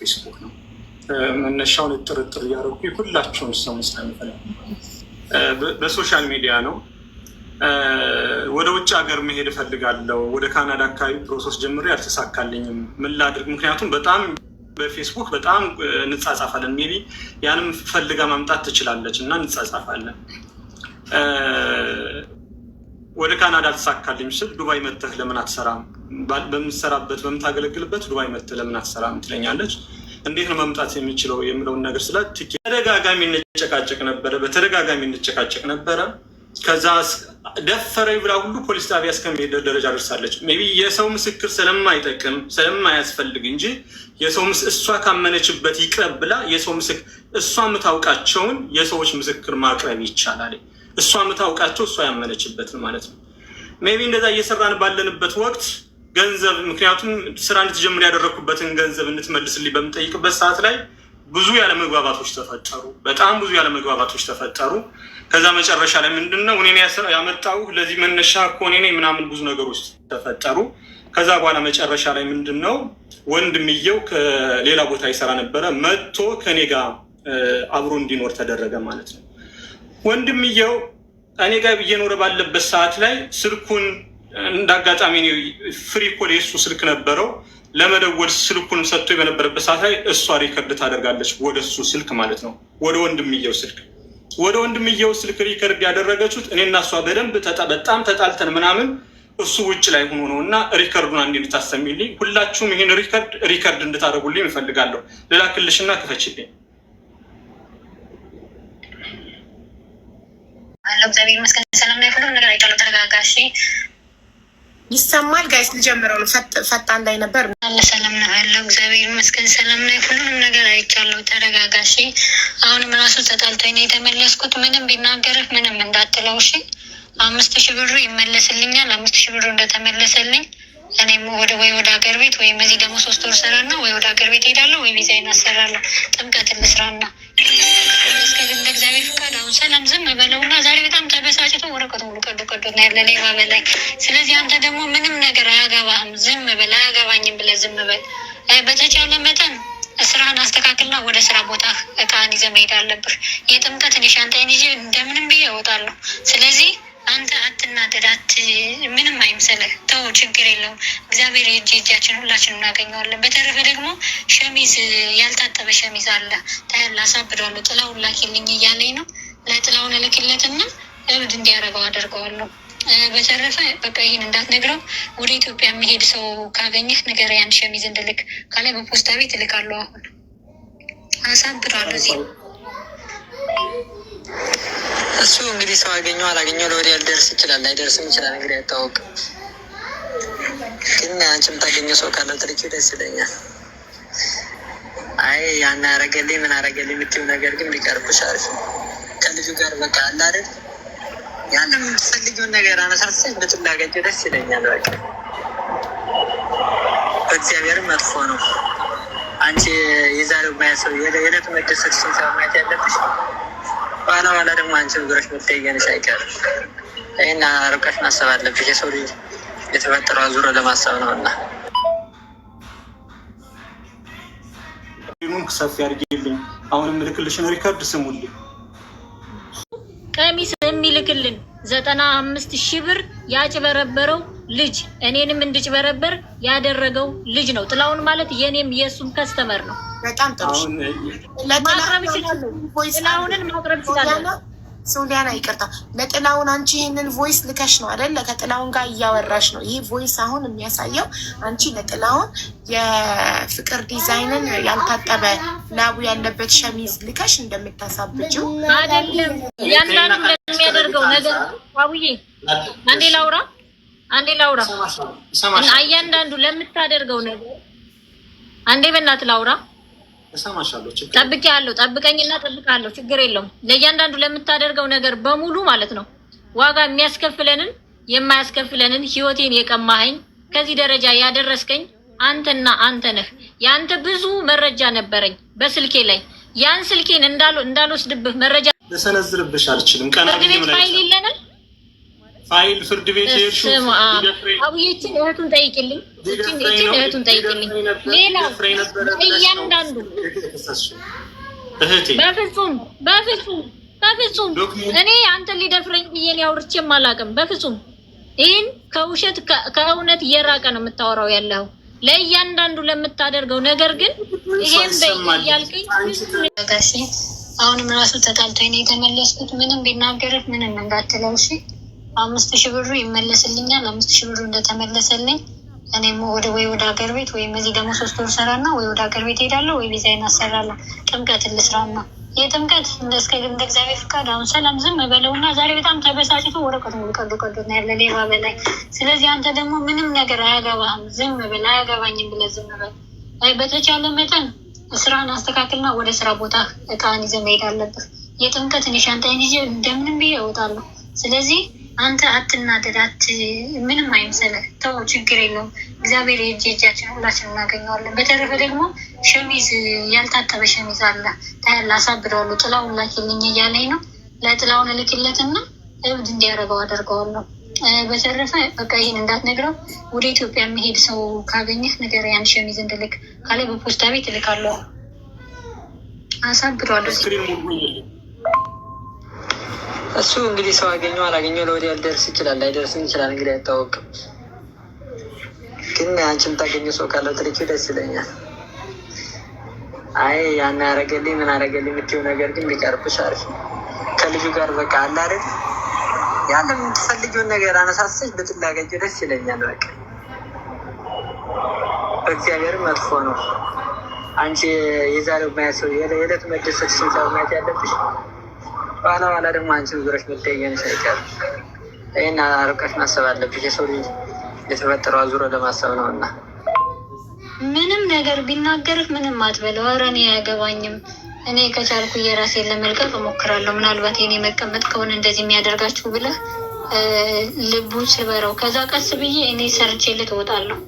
ፌስቡክ ነው መነሻውን ጥርጥር እያደረጉ የሁላቸውን ሰው ስለምፈለ በሶሻል ሚዲያ ነው። ወደ ውጭ ሀገር መሄድ እፈልጋለሁ። ወደ ካናዳ አካባቢ ፕሮሰስ ጀምሬ አልተሳካልኝም። ምን ላድርግ? ምክንያቱም በጣም በፌስቡክ በጣም እንጻጻፋለን። ሜቢ ያንም ፈልጋ ማምጣት ትችላለች እና እንጻጻፋለን። ወደ ካናዳ አልተሳካልኝ ስል ዱባይ መተህ ለምን አትሰራም በምትሰራበት በምታገለግልበት ዱባይ መጥተህ ለምን አትሰራም ትለኛለች። እንዴት ነው መምጣት የምችለው የምለውን ነገር ስለ ተደጋጋሚ እንጨቃጨቅ ነበረ። በተደጋጋሚ እንጨቃጨቅ ነበረ። ከዛ ደፈረ ብላ ሁሉ ፖሊስ ጣቢያ እስከሚሄድ ደረጃ ደርሳለች። ሜይ ቢ የሰው ምስክር ስለማይጠቅም ስለማያስፈልግ እንጂ የሰው እሷ ካመነችበት ይቅረብ ብላ የሰው ምስክር እሷ የምታውቃቸውን የሰዎች ምስክር ማቅረብ ይቻላል። እሷ የምታውቃቸው እሷ ያመነችበትን ማለት ነው። ሜይ ቢ እንደዛ እየሰራን ባለንበት ወቅት ገንዘብ ምክንያቱም ስራ እንድትጀምር ያደረግኩበትን ገንዘብ እንድትመልስልኝ በምጠይቅበት ሰዓት ላይ ብዙ ያለመግባባቶች ተፈጠሩ። በጣም ብዙ ያለመግባባቶች ተፈጠሩ። ከዛ መጨረሻ ላይ ምንድን ነው እኔ ያመጣው ለዚህ መነሻ እኮ እኔ ነኝ ምናምን ብዙ ነገሮች ተፈጠሩ። ከዛ በኋላ መጨረሻ ላይ ምንድን ነው ወንድምየው ከሌላ ቦታ ይሰራ ነበረ መጥቶ ከኔ ጋር አብሮ እንዲኖር ተደረገ ማለት ነው። ወንድምየው እኔ ጋር እየኖረ ባለበት ሰዓት ላይ ስልኩን እንደ አጋጣሚ ፍሪ ኮል የሱ ስልክ ነበረው ለመደወል ስልኩን ሰጥቶ በነበረበት ሰዓት ላይ እሷ ሪከርድ ታደርጋለች፣ ወደ እሱ ስልክ ማለት ነው፣ ወደ ወንድምየው ስልክ ወደ ወንድምየው ስልክ ሪከርድ ያደረገችት እኔና እሷ በደንብ በጣም ተጣልተን ምናምን እሱ ውጭ ላይ ሆኖ ነው እና ሪከርዱን አንድ እንድታሰሚልኝ ሁላችሁም ይህን ሪከርድ ሪከርድ እንድታደርጉልኝ እፈልጋለሁ። ልላክልሽና ክፈችልኝ። አለው እግዚአብሔር ይመስገን ሰላም ላይ ሁሉም ነገር አይቻለሁ። ተረጋጋሽ ይሰማል ጋይስ፣ ልጀምረው ነው። ፈጣ እንዳይ ነበር አለ ሰላም ነው ያለው እግዚአብሔር ይመስገን ሰላም ነው። ሁሉንም ነገር አይቻለሁ። ተረጋጋሽ። አሁንም ራሱ ተጣልቶኝ ነው የተመለስኩት። ምንም ቢናገርህ ምንም እንዳትለው እሺ። አምስት ሺህ ብሩ ይመለስልኛል። አምስት ሺህ ብሩ እንደተመለሰልኝ እኔም ወደ ወይ ወደ ሀገር ቤት ወይም እዚህ ደግሞ ሶስት ወር ስራና ወይ ወደ ሀገር ቤት ሄዳለሁ ወይ ቪዛይን አሰራለሁ። ጥምቀት ልስራና እግዚአብሔር ፈቃድ አሁን ሰላም ዝም በለውና ወረቀቱን ሁሉ ቀዶ ቀዶ ሌባ በላይ። ስለዚህ አንተ ደግሞ ምንም ነገር አያገባህም፣ ዝም በል አያገባኝም ብለህ ዝም በል። በተቻለ መጠን ስራን አስተካክልና ወደ ስራ ቦታ እቃህን ይዘህ መሄድ አለብህ። የጥምቀትን የሻንጣይን ይዤ እንደምንም ብዬ እወጣለሁ። ስለዚህ አንተ አትናደድ፣ አት ምንም አይምሰልህ፣ ተው፣ ችግር የለውም። እግዚአብሔር የእጅ እጃችን ሁላችን እናገኘዋለን። በተረፈ ደግሞ ሸሚዝ ያልታጠበ ሸሚዝ አለ ታያለህ፣ አሳብደዋለሁ፣ ጥላውን ላኪልኝ እያለኝ ነው። ለጥላውን እልክለትና እብድ እንዲያረገው አደርገዋለሁ። በተረፈ በቃ ይህን እንዳትነግረው ወደ ኢትዮጵያ የሚሄድ ሰው ካገኘህ ነገር ያን ሸሚዝ እንድልክ ካላይ በፖስታ ቤት እልካለሁ። አሁን አሳብራለሁ እዚህ እሱ እንግዲህ ሰው አገኘው አላገኘው ለወዲያ ሊደርስ ይችላል ላይደርስም ይችላል እንግዲህ አይታወቅም። ግን አንቺ የምታገኘው ሰው ካለ ትልኪው ደስ ይለኛል። አይ ያን አረገልኝ ምን አረገልኝ የምትይው ነገር ግን ቢቀርብሽ አሪፍ ነው። ከልጁ ጋር በቃ አላደል ያን የምትፈልጊውን ነገር አነሳሰች ብትላገጅ ደስ ይለኛል። በቃ በእግዚአብሔር መጥፎ ነው። አንቺ የዛሬው ማያ ሰው የዕለት መደሰት ሽንሳ ማየት ያለብሽ በኋላ ኋላ ደግሞ አንቺ ነገሮች መጠየቅሽ አይቀርም። ይህን ርቀሽ ማሰብ አለብሽ። የሰው ልጅ የተፈጠረው ዙሮ ለማሰብ ነው እና ሰፊ አድርጌልኝ አሁንም ልክልሽን ሪከርድ ስሙልኝ ቀሚስ የሚልክልን ዘጠና አምስት ሺህ ብር ያጭበረበረው ልጅ እኔንም እንድጭበረበር ያደረገው ልጅ ነው። ጥላውን ማለት የኔም የእሱም ከስተመር ነው። በጣም ጥሩ ማቅረብ ይችላሉ። ጥላውንን ማቅረብ ይችላሉ። ሶሊያና ይቅርታ ለጥላውን አንቺ ይህንን ቮይስ ልከሽ ነው አይደለ? ከጥላውን ጋር እያወራሽ ነው። ይሄ ቮይስ አሁን የሚያሳየው አንቺ ለጥላውን የፍቅር ዲዛይንን ያልታጠበ ላቡ ያለበት ሸሚዝ ልከሽ እንደምታሳብጭው አይደለም። ያንዳንዱ እንደሚያደርገው ነገር አቡዬ፣ አንዴ ላውራ፣ አንዴ ላውራ። እያንዳንዱ ለምታደርገው ነገር አንዴ በእናትህ ላውራ ጠብቄያለሁ። ጠብቀኝና ጠብቃለሁ። ችግር የለውም። ለእያንዳንዱ ለምታደርገው ነገር በሙሉ ማለት ነው ዋጋ የሚያስከፍለንን የማያስከፍለንን ህይወቴን የቀማኸኝ ከዚህ ደረጃ ያደረስከኝ አንተና አንተ ነህ። የአንተ ብዙ መረጃ ነበረኝ በስልኬ ላይ ያን ስልኬን እንዳልወስድብህ መረጃ ልሰነዝርብሽ አልችልም። ቀናቤት ፋይል የለንም ፋይል ፍርድ ቤት አብዬችን እህቱን ጠይቅልኝ፣ ይችን እህቱን ጠይቅልኝ። ሌላው እያንዳንዱ በፍጹም በፍጹም በፍጹም እኔ አንተን ሊደፍረኝ ብዬን ያውርቼም አላውቅም። በፍጹም ይህን ከውሸት ከእውነት እየራቀ ነው የምታወራው ያለው ለእያንዳንዱ ለምታደርገው ነገር ግን ይሄም በእያልከኝ አሁንም ራሱ ተጣልቶ ነው የተመለስኩት። ምንም ቢናገርህ ምንም እንዳትለው እሺ አምስት ሺህ ብሩ ይመለስልኛል። አምስት ሺህ ብሩ እንደተመለሰልኝ እኔም ወደ ወይ ወደ ሀገር ቤት ወይም እዚህ ደግሞ ሶስት ወር ሰራና ወይ ወደ ሀገር ቤት ሄዳለሁ ወይ ቪዛዬን አሰራለሁ። ጥምቀት ልስራና የጥምቀት እንደስከ እንደ እግዚአብሔር ፍቃድ አሁን ሰላም ዝም በለውና ዛሬ በጣም ተበሳጭቶ ወረቀት ሙሉ ቀዶ ቀዶና ያለ ሌባ በላይ። ስለዚህ አንተ ደግሞ ምንም ነገር አያገባህም፣ ዝም በል አያገባኝም ብለህ ዝም በል። አይ በተቻለ መጠን ስራን አስተካክልና ወደ ስራ ቦታ እቃን ይዘህ መሄድ አለብህ። የጥምቀት እኔ ሻንጣዬን ይዤ እንደምንም ብዬ እወጣለሁ። ስለዚህ አንተ አትናደድ፣ አት ምንም አይምሰልህ፣ ተው፣ ችግር የለውም። እግዚአብሔር የእጅ እጃችን ሁላችን እናገኘዋለን። በተረፈ ደግሞ ሸሚዝ ያልታጠበ ሸሚዝ አለ ታያለህ፣ አሳብደዋለሁ። ጥላውን ላኪልኝ እያለኝ ነው። ለጥላውን እልክለትና እብድ እንዲያደርገው አደርገዋለሁ። በተረፈ በቃ ይህን እንዳትነግረው። ወደ ኢትዮጵያ የሚሄድ ሰው ካገኘህ ነገር ያን ሸሚዝ እንድልክ ካለ በፖስታ ቤት እልካለሁ፣ አሳብደዋለሁ። እሱ እንግዲህ ሰው አገኘው አላገኘው ለወዲያ ሊደርስ ይችላል ላይደርስ ይችላል። እንግዲህ አይታወቅም። ግን አንቺም ታገኘው ሰው ካለው ትልኪ ደስ ይለኛል። አይ ያን አረገልኝ ምን አረገልኝ የምትይው ነገር ግን ቢቀርብሽ አሪፍ ነው። ከልጁ ጋር በቃ አለ አይደል ያን የምትፈልጊውን ነገር አነሳሰች ብትላገጅ ደስ ይለኛል። በቃ በእግዚአብሔር መጥፎ ነው። አንቺ የዛሬው ማየት ሰው የዕለት መደሰት ሲንሳ ማየት ያለብሽ ኋላ ኋላ ደግሞ አንቺ ነገሮች መደየንሽ አይቀርም። ይህን አርቀሽ ማሰብ አለብሽ። የሰው ልጅ የተፈጠረው አዙሮ ለማሰብ ነው እና ምንም ነገር ቢናገርህ ምንም አትበለው። ኧረ እኔ አያገባኝም። እኔ ከቻልኩ የራሴን ለመልቀቅ እሞክራለሁ። ምናልባት የኔ መቀመጥ ከሆነ እንደዚህ የሚያደርጋችሁ ብለህ ልቡ ስበረው። ከዛ ቀስ ብዬ እኔ ሰርቼ ልትወጣለሁ።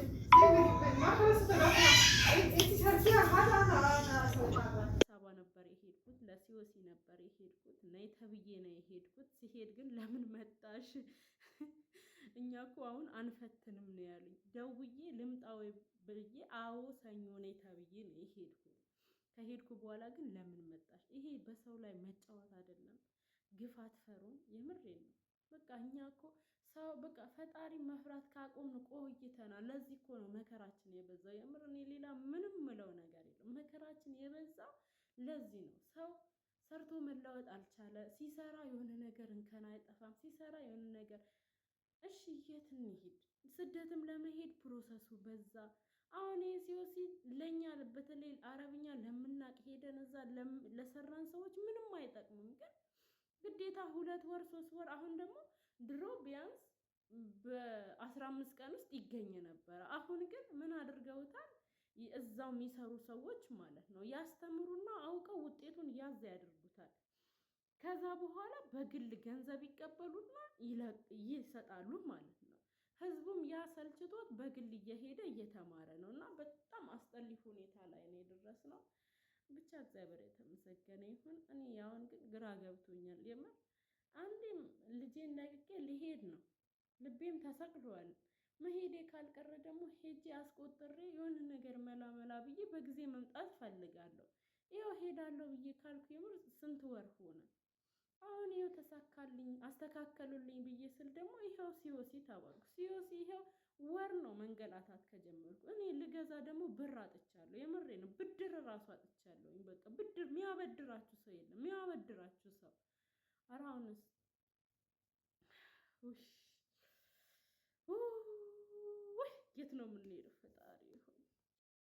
ተብዬ ነው የሄድኩት። ሲሄድ ግን ለምን መጣሽ እኛ እኮ አሁን አንፈትንም ነው ያሉኝ። ደውዬ ልምጣ ወይ ብዬ አዎ ሰኞ ነኝ ተብዬ ነው የሄድኩት። ከሄድኩ በኋላ ግን ለምን መጣሽ? ይሄ በሰው ላይ መጫወት አይደለም። ግፍ አትፈሩም? የምሬን ነው። በቃ እኛ እኮ ሰው በቃ ፈጣሪ መፍራት ካቆምን ቆይተናል። ለዚህ እኮ ነው መከራችን የበዛው። የምር እኔ ሌላ ምንም ምለው ነገር የለም። መከራችን የበዛው ለዚህ ነው ሰው ሰርቶ መለወጥ አልቻለ። ሲሰራ የሆነ ነገር እንከን አይጠፋም። ሲሰራ የሆነ ነገር እሺ፣ የት እንሂድ? ስደትም ለመሄድ ፕሮሰሱ በዛ። አሁን ሲሲ ለእኛ በተለይ አረብኛ ለምናቅ ሄደን እዛ ለሰራን ሰዎች ምንም አይጠቅምም፣ ግን ግዴታ ሁለት ወር ሶስት ወር አሁን ደግሞ ድሮ ቢያንስ በአስራ አምስት ቀን ውስጥ ይገኝ ነበረ። አሁን ግን ምን አድርገውታል? እዛው የሚሰሩ ሰዎች ማለት ነው ያስተምሩና አውቀው ውጤቱን ያዝ ያደርጉታል። ከዛ በኋላ በግል ገንዘብ ይቀበሉና ይሰጣሉ ማለት ነው። ህዝቡም ያ ሰልችቶት በግል እየሄደ እየተማረ ነው እና በጣም አስጠሊ ሁኔታ ላይ ነው የደረስ ነው። ብቻ እግዚአብሔር የተመሰገነ ይሁን። እኔ ያውን ግን ግራ ገብቶኛል የምር አንዴም ልጄን ለቅቄ ልሄድ ነው ልቤም ተሰቅሏል። መሄዴ ካልቀረ ደግሞ ሄጄ አስቆጥሬ የሆነ ነገር መላመላ ብዬ በጊዜ መምጣት ፈልጋለሁ። ይኸው ሄዳለሁ ብዬ ካልኩ የምር ስንት ወር ሆነ። አሁን ይኸው ተሳካልኝ አስተካከሉልኝ ብዬ ስል ደግሞ ይኸው ሲዮሲ ታባልኩ። ሲዮሲ ይኸው ወር ነው መንገላታት ከጀመርኩ። እኔ ልገዛ ደግሞ ብር አጥቻለሁ። የምሬ ነው፣ ብድር እራሱ አጥቻለሁ። በቃ ብድር የሚያበድራችሁ ሰው የለም። የሚያበድራችሁ ሰው አራውንስ ነው የምንሄደው።